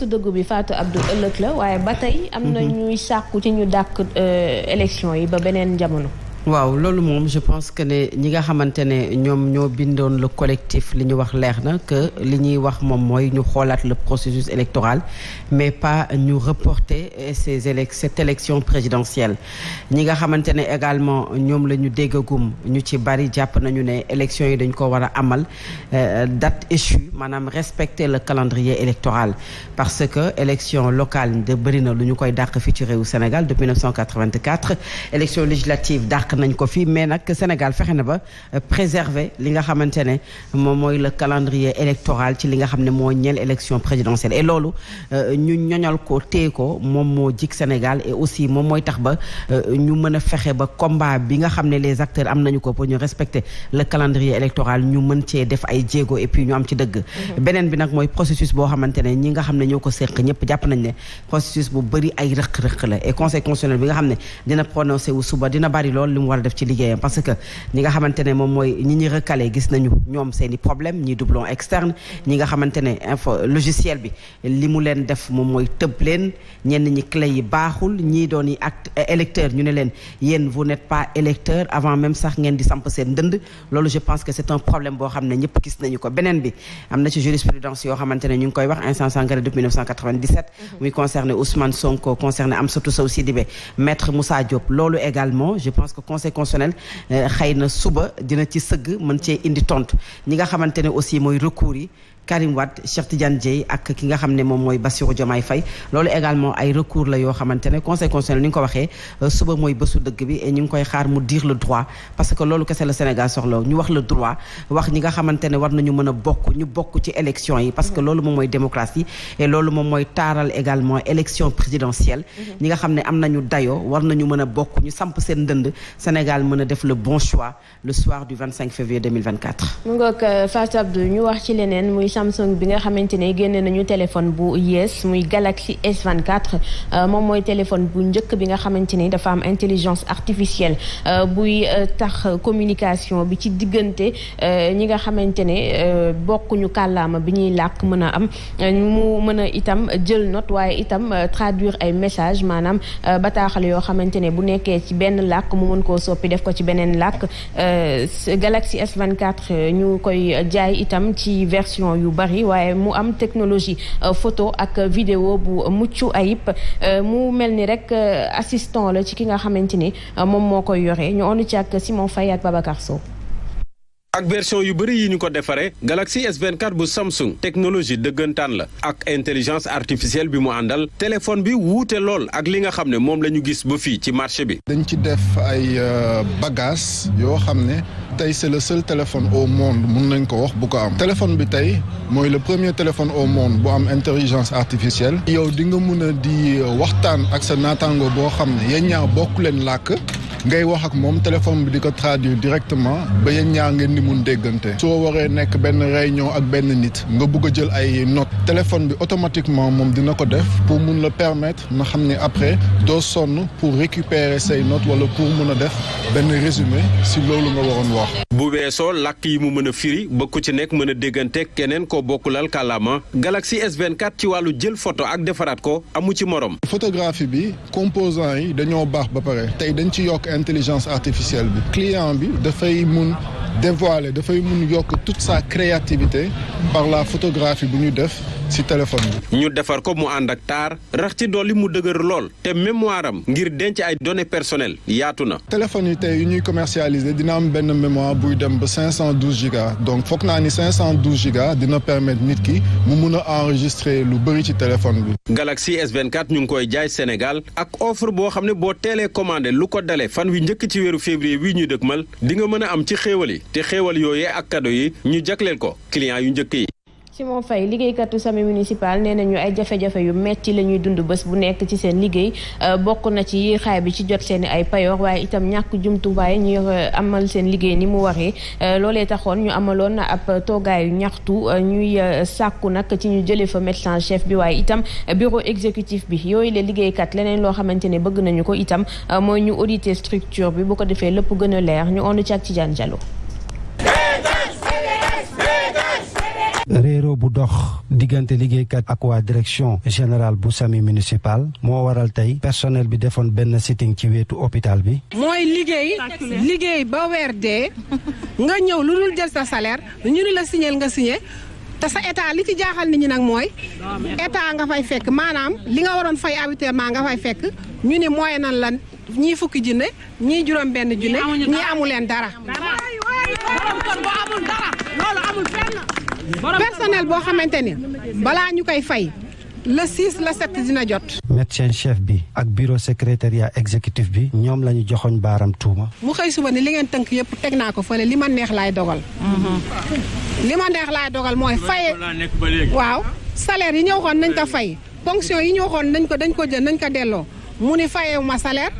su dëggu bi Fatou Abdou ëllëg la waaye ba tey am na ñuy sàkku ci ñu dàq euh, élection yi ba beneen jamono waaw loolu moom je pense que ne ñi nga xamante ne ñoom ñoo bindoon la collectif li ñu wax leer na que li ñuy wax moom mooy ñu xoolaat le processus électoral mais pas ñu reporter ces élec cette élection présidentielle ñi nga xamante ne également ñoom la ñu déggagum ñu ci bari jàpp nañu ne élection yi dañ ko war a amal euh, date échue maanaam respecter la calendrier électoral parce que élection locale de bëri na lu ñu koy dàq fii ci réewu Sénégal depuis 1984 élection législative dàq dàq ko fii mais nag Sénégal fexe na ba euh, préserver li nga xamante ne moom mooy le calendrier électoral ci li nga xam ne moo ñeel élection présidentielle et loolu euh, ñu ñoñal ko téye moom moo jik Sénégal aussi moom mooy tax ba euh, ñu mën a fexe ba combat bi nga xam ne les acteurs am nañu ko pour ñu respecter le calendrier électoral ñu mën cee def ay jéego et puis ñu am ci dëgg mhm. beneen bi nag mooy processus boo xamante ne ñi nga xam ne ñoo ko séq ñëpp jàpp nañ ne processus bu bëri ay rëq-rëq la et conseil constitutionnel bi nga xam ne dina prononcé mu war a def ci liggéeyam parce que ñi nga xamante ne moom mooy ñi ñi gis nañu ñoom seen problème ñi doublon externe ñi nga xamante ne logiciel bi li mu leen def moom mooy tëb leen ñenn ñi euh, ne leen yéen vous n'êtes pas électeur avant même sax ngeen di samp seen dënd loolu je pense que c'est un problème boo xam ne ñëpp gis nañu ko beneen bi am na ci jurisprudence yoo xamante ne ñu ngi koy wax instance Sangaré depuis 1997 mhm. muy concerné Ousmane Sonko concerné Amsatou Sow Sidibé conseil constitutionnel euh, xëy na suba dina ci sëgg mën cee indi tontu ñi nga xamante ne aussi mooy recours yi Karim Wade Cheikh Tidiane Dieye ak ki nga xam ne moom mooy Bassirou Diomaye Faye loolu également ay recours la yoo xamante ne conseil constitutionnel ni nga ko waxee euh, suba mooy bésu dëgg bi et ñu ngi koy xaar mu dire le droit parce que loolu kese la Sénégal soxla ñu wax le droit wax ñi nga xamante ne war nañu mën a bokk ñu bokk ci élection yi parce que loolu moom mooy démocratie et loolu moom mooy taaral également élection présidentielle mhm. ñi nga xam ne am nañu dayoo war nañu mën a bokk ñu samp seen dënd Sénégal mën a def le bon choix le soir du 25 février 2024 Samsung bi nga xamante ne génne nañu téléphone bu yees muy Galaxy S24 euh, moom mooy téléphone bu njëkk bi nga xamante ni dafa am intelligence artificielle euh, buy euh, tax communication bi ci diggante ñi nga xamante ne bokkuñu kàllaama bi ñuy làkk mën a am mu mën a itam jël note waaye itam traduire ay message maanaam bataaxal yoo xamante ne bu nekkee ci benn làkk mu mën koo soppi def ko ci beneen làkk Galaxy S24 ñu koy jaay itam ci version yu bari waaye mu am technologie euh, photo ak vidéo bu mucc ayib euh, mu mel ni rek euh, assistant la ci ki nga xamante ni moom moo koy yore ñu onu ci ak Simon Faye ak Babacar Sow ak version yu bëri yi ñu ko defaree Galaxy S24 bu Samsung technologie dëggantaan la ak intelligence artificielle bi mu àndal téléphone bi wuute lool ak li nga xam ne moom la ñu gis ba fii ci marché bi. dañ ci def ay bagages yoo xam ne. tey c'est le seul téléphone au monde mun nañ ko wax bu ko am téléphone bi tey mooy le premier téléphone au monde bu am intelligence artificielle yow di nga mun a di waxtaan ak sa naataango boo xam ne yéen ñaar bokk leen làkk ngay wax ak moom téléphone bi di ko traduire directement ba yéen ñaar ngeen di mun déggante soo waree nekk benn réunion ak benn nit nga bugg jël ay notes téléphone bi automatiquement moom dina ko def pour mun la permettre na xam ne après doo sonn pour récupérer say notes wala pour mun a def benn résumé si loolu nga waroon wax. bu weesoo làkk yi mu mën a firi ba ku ci nekk mën a déggante keneen koo bokkulal kàllaama galaxi S24 ci wàllu jël photo ak defaraat ko amu ci morom. photographie bi composant yi dañoo baax ba pare tey dañ ci yokk intelligence artificielle bi client bi dafay mun dévoiler dafay mun yokk toute sa créativité par la photographie bu ñu def ci téléphone bi. ñu defar ko mu ànd ak taar rax ci dolli mu dëgër lool te mémoire am ngir denc ay données personnelles yaatu na. téléphone yi tey yu ñuy commercialiser dina am benn mémoire buy dem ba 512 gigas donc foog naa ni 512 gigas dina permettre nit ki mu mun a enregistrer lu bëri ci téléphone bi. Galaxy S24 ñu ngi koy jaay Sénégal ak offre boo xam ne boo teelee commandé lu ko dale fan wi njëkk ci weeru février wi ñuy dëkkmal di dinga mën a am ci xéewal yi te xéewal yooyee ak kado yi ñu jagleel ko client yu njëkk yi ci Simon fay liggéeykatu SAMU municipal nee nañu ay jafe-jafe yu metti la ñuy dund bés bu nekk ci seen liggéey euh, bokk na ci xaay bi ci jot seen ay payoor waaye itam ñàkk jumtuwaay ñuy amal seen liggéey ni mu waree euh, loolee taxoon ñu amaloon na ab toogaayu ñaxtu euh, ñuy sàkku nag ci ñu jëlee fa médecin chef bi waaye itam bureau exécutif bi yooyu la liggéeykat leneen loo xamante ne bëgg nañu ko itam mooy ñu auditer structure bi bu ko defee lépp gën a leer ñu ond ci ak ci réero bu dox diggante liggéeykat ak waa direction général bu sami municipal moo waral tey personnel bi defoon benn sitin ci wetu hôpital bi. mooy liggéey liggéey ba weer dee nga ñëw lu dul jël sa salaire ñu ni la signé nga signé. te sa état li ci jaaxal nit ñi nag mooy état nga fay fekk maanaam li nga waroon fay maa nga fay fekk ñu ne mooy nan la ñi fukki junne ñii juróom benn junne ñii amu leen dara. personnel boo xamante ni balaa ñu koy fay le 6 la 7 dina jot. médecin chef bi ak bureau secrétariat exécutif bi ñoom lañu ñu joxoñ baaram tuuma. mu xëy suba ni li ngeen tënk yëpp teg naa ko fële li ma neex laay dogal. Mhm. li ma neex laay dogal mooy faye waaw salaire yi ñu waxoon nañ ko fay ponction yi ñu waxoon nañ ko dañ ko jël nañ ko delloo mu ni fayewu ma salaire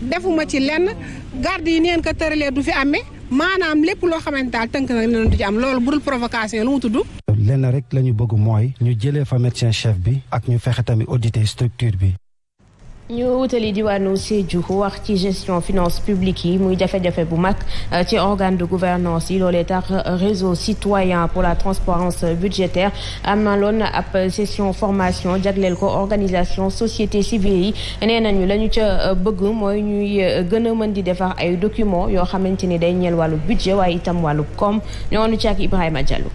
defuma ci lenn garde yi neen ko tëralee du fi amee. maanaam lépp loo xamante daal tënk na du ci am loolu budul provocation lu mu tudd. lenn rek la ñu bëgg mooy ñu jëlee fa médecin chef bi ak ñu fexe tamit auditer structure bi. ñu wutali diwaanu Sédhiou wax ci gestion finance publique yi muy jafe-jafe bu mag euh, ci organe de gouvernance yi loolee tax euh, réseau citoyen pour la transparence budgétaire am na loon ab session formation jagleel ko organisation société civile yi nee nañu la ñu ca euh, bëgg mooy ñuy gën a mën di defar ay documents yoo xamante ni day ñeel wàllu budget waaye itam wàllu koom ñoonu ci ak Ibrahima Diallo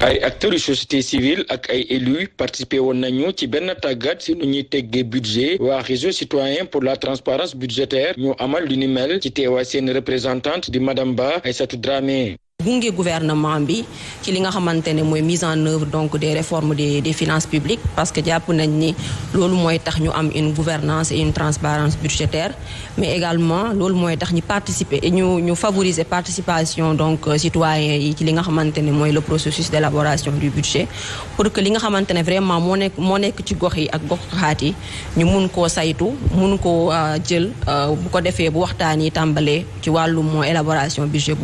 ay acteurs yu société civile ak ay élus participé woon nañu ci benn tàggat si nu ñuy teggee budget waa réseau citoyen pour la transparence budgétaire ñu amal lu ni mel ci teewaay seen représentante di madame Ba Aïssatou Dramé gunge gouvernement bi ci li nga xamante ne mooy mise en œuvre donc des réformes des des finances publiques parce que jàpp nañ ni loolu mooy tax ñu am une gouvernance et une transparence budgétaire mais également loolu mooy tax ñu participer ñu ñu favoriser participation donc euh, citoyens yi ci li nga xamante ne mooy le processus d'élaboration du budget pour que li nga xamante ne vraiment moo nekk moo nekk ci gox yi ak gox xaat yi ñu mun koo saytu mun koo euh, jël euh, bu ko defee bu waxtaan yi tàmbalee ci wàllum élaboration budget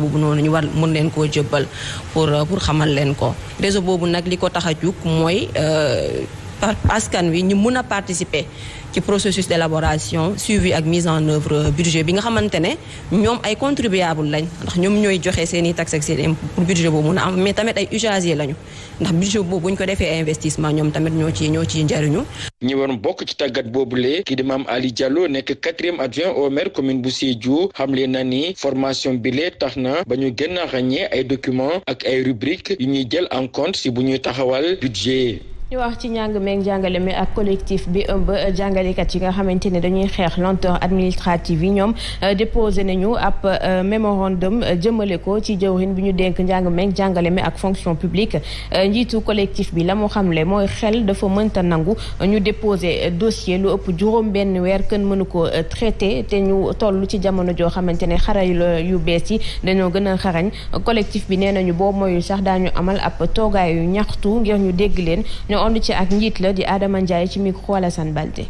leen koo jëbbal pour pour xamal leen ko réseau boobu nag li ko tax a jug mooy euh, par askan wi ñu mën a participer ci processus d'élaboration suivi ak mise en œuvre budget bi nga xamante ne ñoom ay contribuable lañ ndax ñoom ñooy joxe seen i taxes ak pour budget boobu mu a am mais tamit ay usagers lañu ndax budget boobu bu ko defee investissement ñoom tamit ñoo ci ñoo ciy njariñu ñi waroon bokk ci tàggat boobu kii di maam Ali Diallo nekk quatrième adjoint au maire commune bu Sédhiou xamle na ni formation bi lee tax na ba ñu gën a ràññee ay documents ak ay rubriques yu ñuy jël en compte bu ñuy taxawal budget ñu wax njàng meeg njàngale mi ak collectif bi ëmb jàngalekat yi nga xamante ne dañuy xeex lenteur administrative yi ñoom euh, déposé nañu ab euh, mémorandum euh, jëmale ko ci jëwrin bi ñu dénk njàng jàngale mi ak fonction publique njiitu collectif bi la mu xamle mooy xel dafa mënta nangu ñu déposé dossier lu ëpp juróom benn weer kën mënu ko traité te ñu toll ci jamono joo xamante ne xaral yu bees yi dañoo gën a xarañ collectif bi nee nañu boo moyul sax daañu amal ab toogaayu ñaxtu ngir ñu dégg leen ànd ci ak njiit la di Adama Ndiaye ci micro Alassane Balde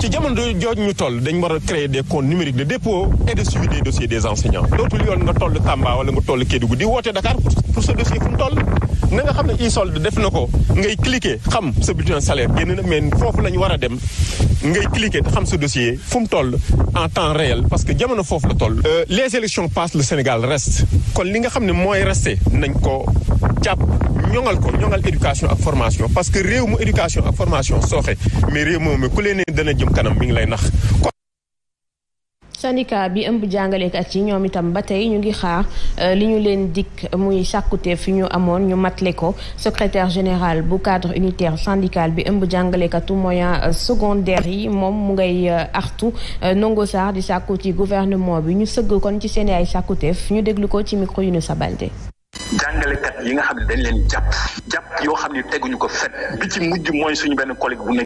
ci jamono jooju ñu toll dañ war a créer des comptes numériques de dépôt et de suivi des des enseignants dootul yoon nga toll Tamba wala nga toll Kédougou di woote Dakar pour sa dossier fu toll na nga xam ne e-solde def na ko ngay cliquer xam sa bulletin salaire génn na mais foofu la ñu war a dem ngay cliquer xam sa dossier fu mu toll en temps réel parce que jamono foofu la toll. Euh, les élections passent le Sénégal reste kon li nga xam ne mooy resté nañ ko jàpp ñoŋal ko ñoŋal éducation ak formation parce que réew mu éducation ak formation sooxe mais réew moom ku leen dana jëm kanam mi ngi lay nax. syndicat bi ëmb jàngalekat yi ñoom itam ba tey ñu ngi xaar euh, li ñu leen dikk muy sàkkute fi ñu amoon ñu matle ko secrétaire général bu cadre unitaire syndical bi ëmb jàngalekatu moyen euh, secondaire yi moom mu ngay euh, artu Ndongo Sarr di sàkku ci gouvernement bi ñu sëgg kon ci seen ay sàkkuteef ñu déglu ko ci micro yu nu sabalde jàngalekat yi nga xam ne dañ leen jàpp jàpp yoo xam ne teguñu ko fet bi ci mujj mooy suñu benn collègue bu